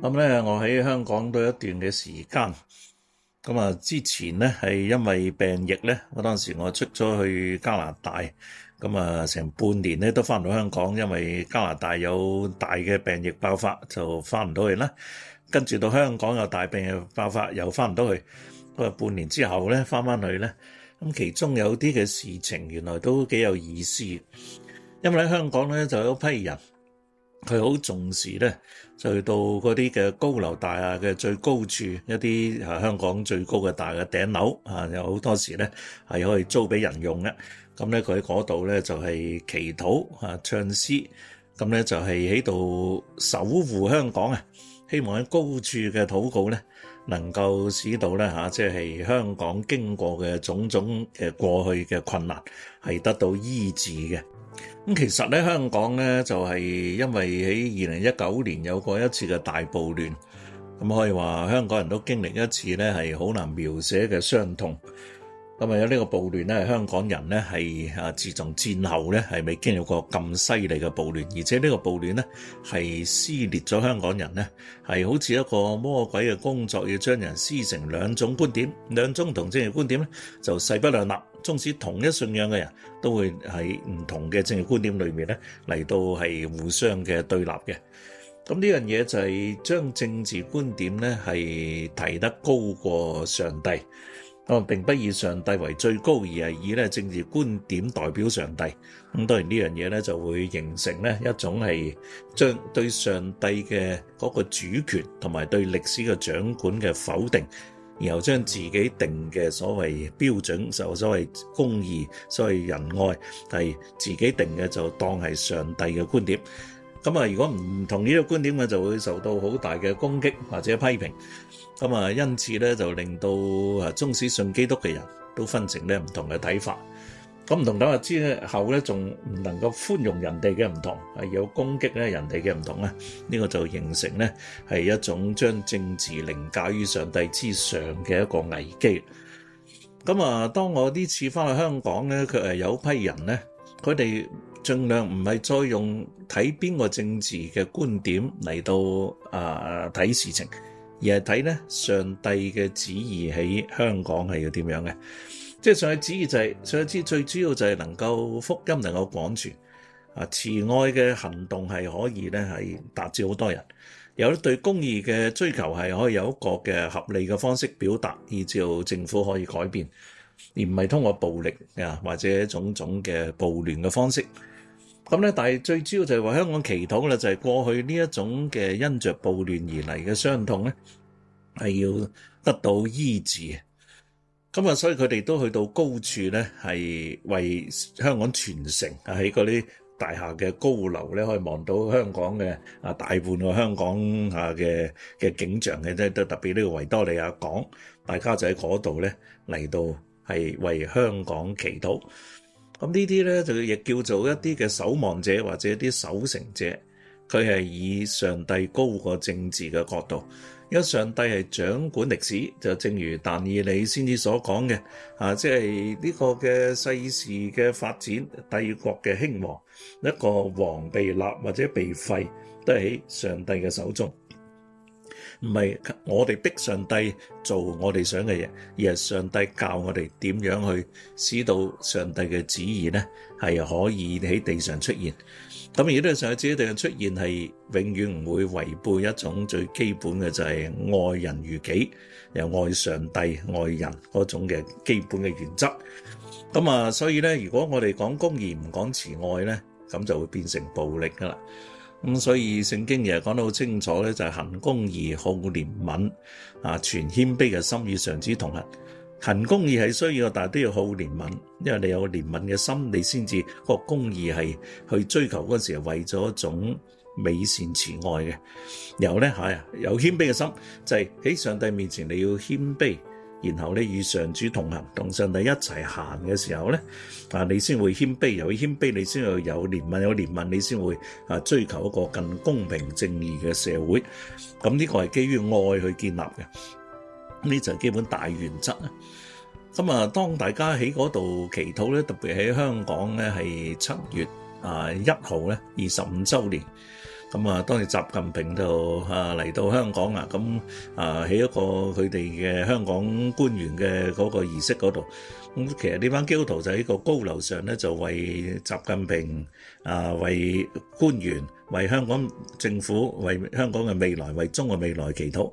咁咧，我喺香港都一段嘅時間。咁啊，之前咧係因為病疫咧，我當時我出咗去加拿大。咁啊，成半年咧都翻唔到香港，因為加拿大有大嘅病疫爆發，就翻唔到去啦。跟住到香港有大病疫爆發，又翻唔到去。咁啊，半年之後咧翻翻去咧。咁其中有啲嘅事情原來都幾有意思，因為喺香港咧就有一批人。佢好重視咧，就去到嗰啲嘅高樓大廈嘅最高處，一啲香港最高嘅大廈嘅頂樓啊，有好多時咧係可以租俾人用嘅。咁咧佢喺嗰度咧就係祈禱啊、唱詩，咁咧就係喺度守護香港啊，希望喺高處嘅禱告咧能夠使到咧嚇，即係香港經過嘅種種嘅過去嘅困難係得到醫治嘅。咁其實咧，香港咧就係因為喺二零一九年有過一次嘅大暴亂，咁可以話香港人都經歷一次咧，係好難描寫嘅傷痛。咁啊！有呢個暴亂咧，香港人咧係啊自從戰後咧係未經歷過咁犀利嘅暴亂，而且呢個暴亂咧係撕裂咗香港人咧，係好似一個魔鬼嘅工作，要將人撕成兩種觀點，兩種唔同政治觀點咧就勢不兩立，終至同一信仰嘅人都會喺唔同嘅政治觀點裏面咧嚟到係互相嘅對立嘅。咁呢樣嘢就係將政治觀點咧係提得高過上帝。我並不以上帝為最高，而係以咧政治觀點代表上帝。咁當然呢樣嘢咧就會形成咧一種係將對上帝嘅嗰個主權同埋對歷史嘅掌管嘅否定，然後將自己定嘅所謂標準就所謂公義、所謂仁愛係自己定嘅，就當係上帝嘅觀點。咁啊，如果唔同呢個觀點嘅，就會受到好大嘅攻擊或者批評。咁啊，因此咧，就令到啊，忠實信基督嘅人都分成咧唔同嘅睇法。咁唔同睇法之後咧，仲唔能夠寬容人哋嘅唔同，係有攻擊咧人哋嘅唔同咧？呢、這個就形成咧係一種將政治凌駕於上帝之上嘅一個危機。咁啊，當我呢次翻去香港咧，佢係有批人咧，佢哋。盡量唔係再用睇邊個政治嘅觀點嚟到啊睇事情，而係睇咧上帝嘅旨意喺香港係要點樣嘅。即係上帝旨意就係、是、上帝旨最主要就係、是、能夠福音能夠廣傳啊，慈愛嘅行動係可以咧係達至好多人，有對公義嘅追求係可以有一個嘅合理嘅方式表達，以至政府可以改變，而唔係通過暴力啊或者種種嘅暴亂嘅方式。咁咧，但係最主要就係話香港祈禱咧，就係、是、過去呢一種嘅因着暴亂而嚟嘅傷痛咧，係要得到醫治。咁啊，所以佢哋都去到高處咧，係為香港全城喺嗰啲大廈嘅高樓咧，可以望到香港嘅啊大半個香港下嘅嘅景象嘅咧，都特別呢個維多利亞港，大家就喺嗰度咧嚟到係為香港祈禱。咁呢啲咧就亦叫做一啲嘅守望者或者一啲守城者，佢係以上帝高過政治嘅角度，因為上帝係掌管歷史，就正如但以理先至所講嘅，啊，即係呢個嘅世事嘅發展，帝國嘅興亡，一個王被立或者被廢，都喺上帝嘅手中。唔係我哋逼上帝做我哋想嘅嘢，而係上帝教我哋點樣去使到上帝嘅旨意咧，係可以喺地上出現。咁而呢上帝旨意地上出現係永遠唔會違背一種最基本嘅就係愛人如己，又愛上帝愛人嗰種嘅基本嘅原則。咁啊，所以咧，如果我哋講公義唔講慈愛咧，咁就會變成暴力噶啦。咁、嗯、所以聖經亦係講得好清楚咧，就係、是、行公義、好憐憫啊，全謙卑嘅心與上帝同行。行公義係需要，但係都要好憐憫，因為你有憐憫嘅心，你先至個公義係去追求嗰時候為咗一種美善慈愛嘅、啊。然後咧，係有謙卑嘅心，就係、是、喺上帝面前你要謙卑。然後咧，與上主同行，同上帝一齊行嘅時候咧，啊，你先會謙卑，又會謙卑你才會有謙卑你先會有憐憫，有憐憫你先會啊，追求一個更公平正義嘅社會。咁呢個係基於愛去建立嘅，呢就係基本大原則啦。咁啊，當大家喺嗰度祈禱咧，特別喺香港咧，係七月啊一號咧，二十五週年。咁啊，當時習近平就啊嚟到香港啊，咁啊喺一個佢哋嘅香港官員嘅嗰個儀式嗰度，咁其實呢班基督徒就喺個高樓上咧，就為習近平啊、為官員、為香港政府、為香港嘅未來、為中國未來祈禱。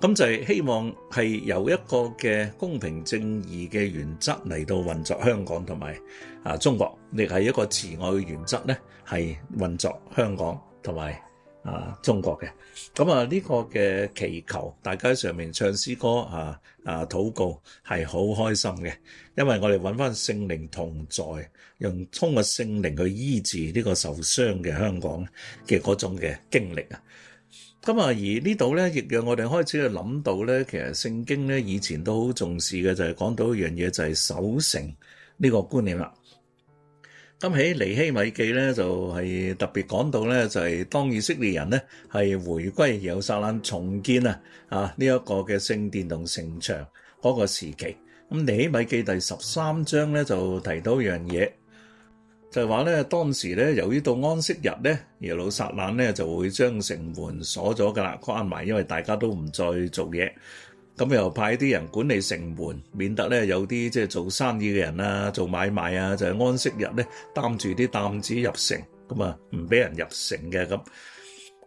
咁就係希望係由一個嘅公平正義嘅原則嚟到運作香港同埋啊中國，亦係一個慈愛嘅原則咧，係運作香港。同埋啊，中國嘅咁啊，呢個嘅祈求，大街上面唱詩歌啊啊，禱告係好開心嘅，因為我哋搵翻聖靈同在，用通過聖靈去醫治呢個受傷嘅香港嘅嗰種嘅經歷啊。咁啊，而呢度咧，亦讓我哋開始去諗到咧，其實聖經咧以前都好重視嘅，就係講到一樣嘢，就係守城呢個觀念啦。咁喺尼希米記咧，就係特別講到咧，就係當以色列人咧係回歸耶路撒冷重建啊，啊呢一個嘅聖殿同城牆嗰個時期。咁尼希米記第十三章咧就提到一樣嘢，就係話咧當時咧由於到安息日咧，耶路撒冷咧就會將城門鎖咗㗎喇，關埋，因為大家都唔再做嘢。咁又派啲人管理城門，免得咧有啲即係做生意嘅人啊，做買賣啊，就係安息日咧擔住啲擔子入城咁啊，唔俾人入城嘅咁。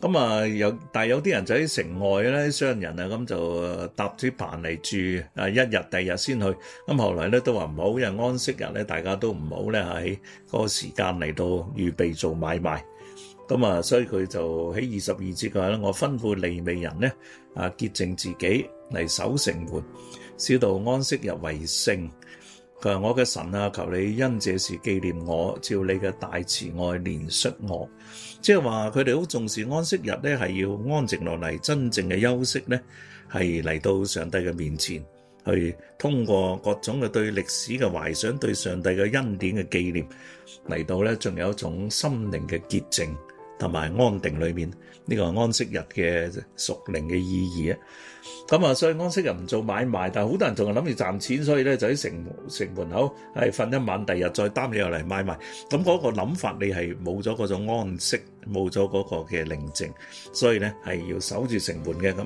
咁啊，有但係有啲人就喺城外咧，商人啊咁就搭住棚嚟住啊，一日第二日先去。咁後來咧都話唔好，因為安息日咧大家都唔好咧喺嗰個時間嚟到預備做買賣。咁啊，所以佢就喺二十二節嘅話咧，我吩咐利未人咧啊潔淨自己。嚟守城門，使到安息日為聖。佢話：我嘅神啊，求你因這事紀念我，照你嘅大慈愛憐恤我。即係話佢哋好重視安息日咧，係要安靜落嚟，真正嘅休息咧，係嚟到上帝嘅面前，去通過各種嘅對歷史嘅懷想，對上帝嘅恩典嘅紀念，嚟到咧仲有一種心靈嘅潔淨。同埋安定裏面呢個安息日嘅屬靈嘅意義啊，咁啊，所以安息日唔做買賣，但係好多人仲係諗住賺錢，所以咧就喺城城門口係瞓一晚，第二日再擔起入嚟買賣。咁嗰個諗法，你係冇咗嗰種安息，冇咗嗰個嘅寧靜，所以咧係要守住城門嘅。咁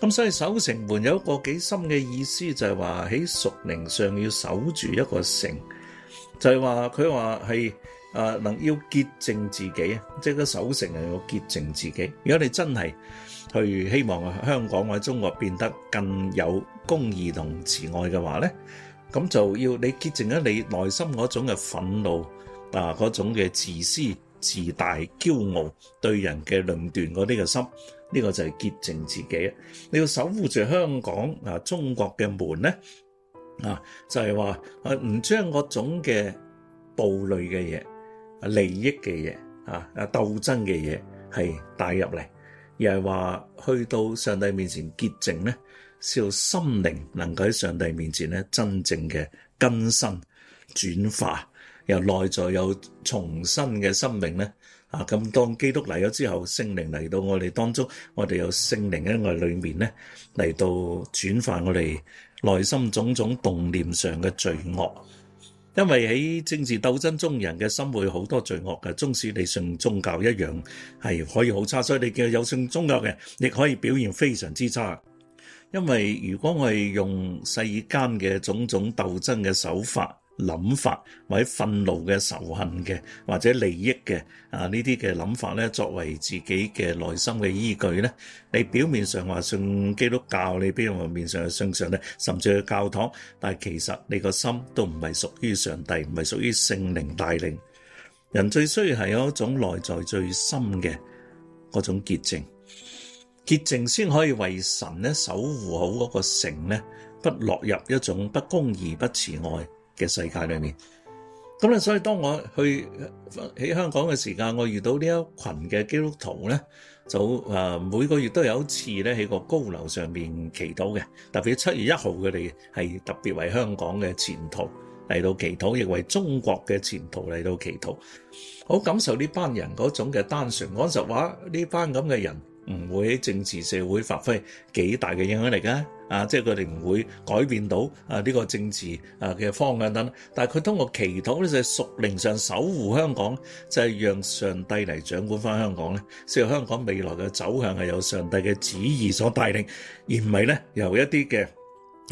咁所以守城門有一個幾深嘅意思，就係話喺屬靈上要守住一個城，就係話佢話係。誒能要潔淨自己啊！即係個守城人要潔淨自己。如果你真係去希望香港或者中國變得更有公義同慈愛嘅話咧，咁就要你潔淨咗你內心嗰種嘅憤怒啊，嗰種嘅自私自大、驕傲對人嘅論斷嗰啲嘅心，呢個就係潔淨自己。你要守護住香港啊，中國嘅門咧啊，就係話唔將嗰種嘅暴戾嘅嘢。利益嘅嘢，啊，啊，鬥爭嘅嘢，係帶入嚟，又係話去到上帝面前潔淨咧，叫心靈能夠喺上帝面前咧真正嘅更新轉化，由內在有重新嘅生命咧，啊，咁當基督嚟咗之後，聖靈嚟到我哋當中，我哋有聖靈喺我裏面咧嚟到轉化我哋內心種種動念上嘅罪惡。因為喺政治鬥爭中，人嘅心會好多罪惡嘅。即使你信宗教一樣，係可以好差。所以你叫有信宗教嘅，亦可以表現非常之差。因為如果我哋用世間嘅種種鬥爭嘅手法，諗法或者憤怒嘅仇恨嘅，或者利益嘅啊呢啲嘅諗法咧，作為自己嘅內心嘅依據咧。你表面上話信基督教，你比如話面上去信上咧，甚至去教堂，但係其實你個心都唔係屬於上帝，唔係屬於聖靈帶領。人最需要係有一種內在最深嘅嗰種潔淨，潔淨先可以為神咧守護好嗰個城咧，不落入一種不公義、不慈愛。嘅世界裏面，咁咧，所以當我去喺香港嘅時間，我遇到呢一群嘅基督徒咧，就誒每個月都有一次咧喺個高樓上面祈禱嘅，特別七月一號佢哋係特別為香港嘅前途嚟到祈禱，亦為中國嘅前途嚟到祈禱。好感受呢班人嗰種嘅單純，講實話，呢班咁嘅人唔會喺政治社會發揮幾大嘅影響力啊！啊！即係佢哋唔會改變到啊呢個政治啊嘅方向等，但係佢通過祈禱咧，就係屬靈上守護香港，就係讓上帝嚟掌管翻香港咧。所以香港未來嘅走向係由上帝嘅旨意所帶領，而唔係咧由一啲嘅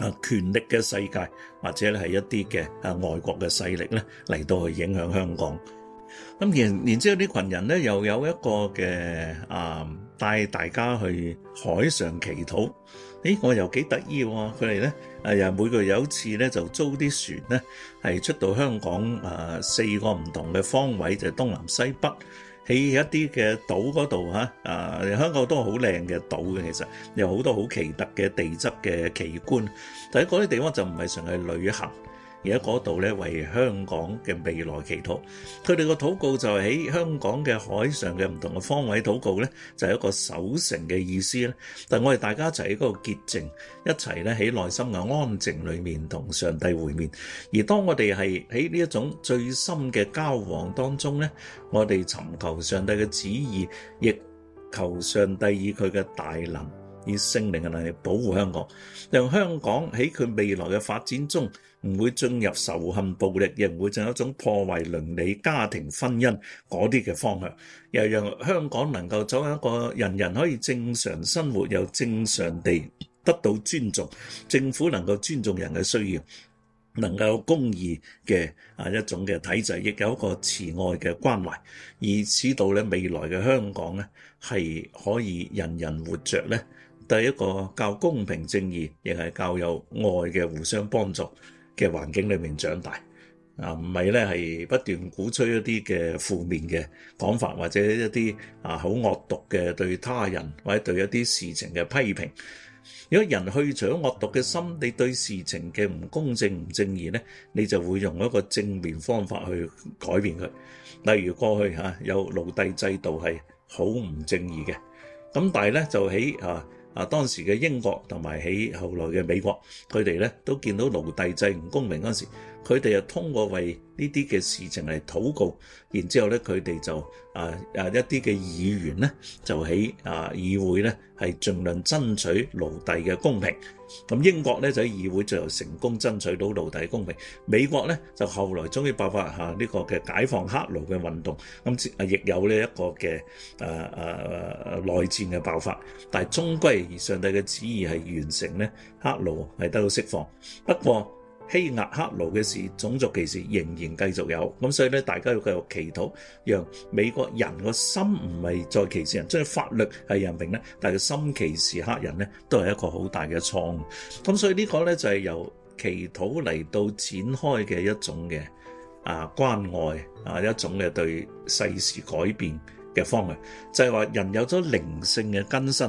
啊權力嘅世界或者係一啲嘅啊外國嘅勢力咧嚟到去影響香港。咁然然之後呢羣人咧又有一個嘅啊帶大家去海上祈禱。誒，我又幾得意喎！佢哋咧，又每個月有一次咧，就租啲船咧，係出到香港、呃、四個唔同嘅方位，就係、東南西北，喺一啲嘅島嗰度、呃、香港都係好靚嘅島嘅，其實有好多好奇特嘅地質嘅奇觀。但係嗰啲地方就唔係純係旅行。而喺嗰度咧，為香港嘅未來祈禱，佢哋個禱告就係喺香港嘅海上嘅唔同嘅方位禱告咧，就係、是、一個守城嘅意思咧。但係我哋大家一齊喺嗰個潔淨，一齊咧喺內心嘅安靜裏面同上帝會面。而當我哋係喺呢一種最深嘅交往當中咧，我哋尋求上帝嘅旨意，亦求上帝以佢嘅大能以聖靈嘅能力保護香港，讓香港喺佢未來嘅發展中。唔會進入仇恨暴力，亦唔會進一種破壞倫理、家庭、婚姻嗰啲嘅方向，又讓香港能夠走向一個人人可以正常生活，又正常地得到尊重。政府能夠尊重人嘅需要，能夠公義嘅啊一種嘅體制，亦有一個慈愛嘅關懷，而使到咧未來嘅香港咧係可以人人活着咧。第一個較公平正義，亦係較有愛嘅互相幫助嘅環境裏面長大，啊唔係咧係不斷鼓吹一啲嘅負面嘅講法，或者一啲啊好惡毒嘅對他人或者對一啲事情嘅批評。如果人去除惡毒嘅心，你對事情嘅唔公正唔正義咧，你就會用一個正面方法去改變佢。例如過去吓有奴隸制度係好唔正義嘅，咁但係咧就喺啊。啊！當時嘅英國同埋喺後來嘅美國，佢哋咧都見到奴隸制唔公平嗰陣時。佢哋又通過為呢啲嘅事情嚟禱告，然之後咧，佢哋就啊啊一啲嘅議員咧，就喺啊議會咧，係盡量爭取奴隸嘅公平。咁英國咧就喺議會最後成功爭取到奴隸公平。美國咧就後來終於爆發下呢個嘅解放黑奴嘅運動，咁亦有呢一個嘅啊啊內戰嘅爆發。但係終歸而上帝嘅旨意係完成咧，黑奴係得到釋放。不過，欺壓黑奴嘅事、種族歧視仍然繼續有，咁所以咧，大家要繼續祈禱，讓美國人個心唔係再歧視人。即係法律係認明咧，但係佢心歧視黑人咧，都係一個好大嘅錯誤。咁所以呢個咧就係由祈禱嚟到展開嘅一種嘅啊關愛啊一種嘅對世事改變嘅方向，就係話人有咗靈性嘅更新。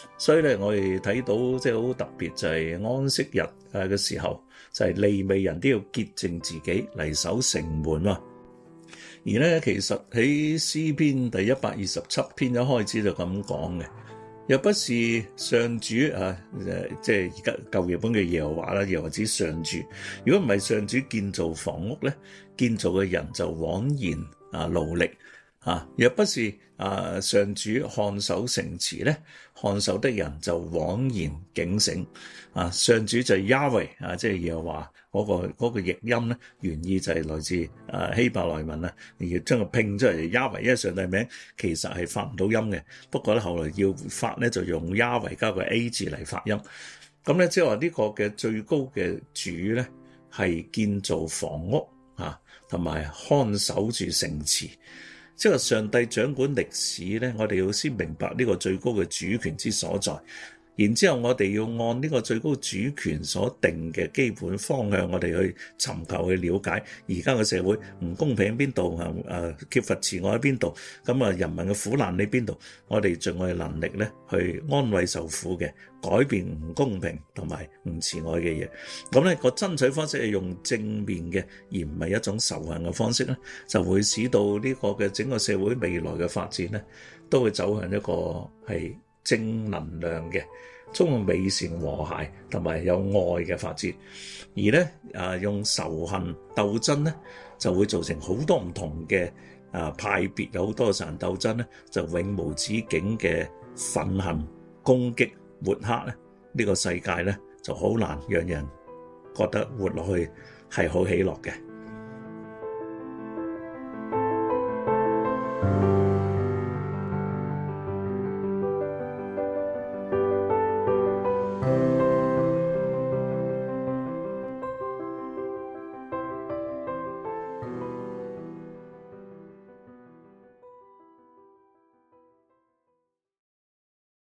所以咧，我哋睇到即係好特別，就係安息日啊嘅時候，就係利未人都要潔淨自己嚟守城門喎。而咧，其實喺詩篇第一百二十七篇一開始就咁講嘅，若不是上主啊，即係而家舊日本嘅耶和華啦，又或者上主，如果唔係上主建造房屋咧，建造嘅人就枉然啊勞力啊，若不是。啊！上主看守城池咧，看守的人就枉然警醒。啊！上主就係雅維啊，即係又話嗰個嗰個譯音咧，原意就係來自啊希伯來文啊，而要將佢拼出嚟雅維，因為上帝名其實係發唔到音嘅，不過咧後來要發咧就用雅維加個 A 字嚟發音。咁咧即係話呢個嘅最高嘅主咧，係建造房屋啊，同埋看守住城池。即係上帝掌管歷史咧，我哋要先明白呢個最高嘅主權之所在。然之後，我哋要按呢個最高主權所定嘅基本方向，我哋去尋求去了解而家嘅社會唔公平喺邊度，嚇誒缺乏慈愛喺邊度，咁啊人民嘅苦難喺邊度，我哋盡我哋能力咧去安慰受苦嘅，改變唔公平同埋唔慈愛嘅嘢。咁咧、呢個爭取方式係用正面嘅，而唔係一種仇恨嘅方式咧，就會使到呢個嘅整個社會未來嘅發展咧，都會走向一個係正能量嘅。充滿美善、和諧同埋有愛嘅發展，而咧、啊、用仇恨鬥爭呢、鬥爭咧就會造成好多唔同嘅、啊、派別，有好多神鬥爭咧就永無止境嘅憤恨、攻擊、抹黑咧，呢、這個世界咧就好難讓人覺得活落去係好喜樂嘅。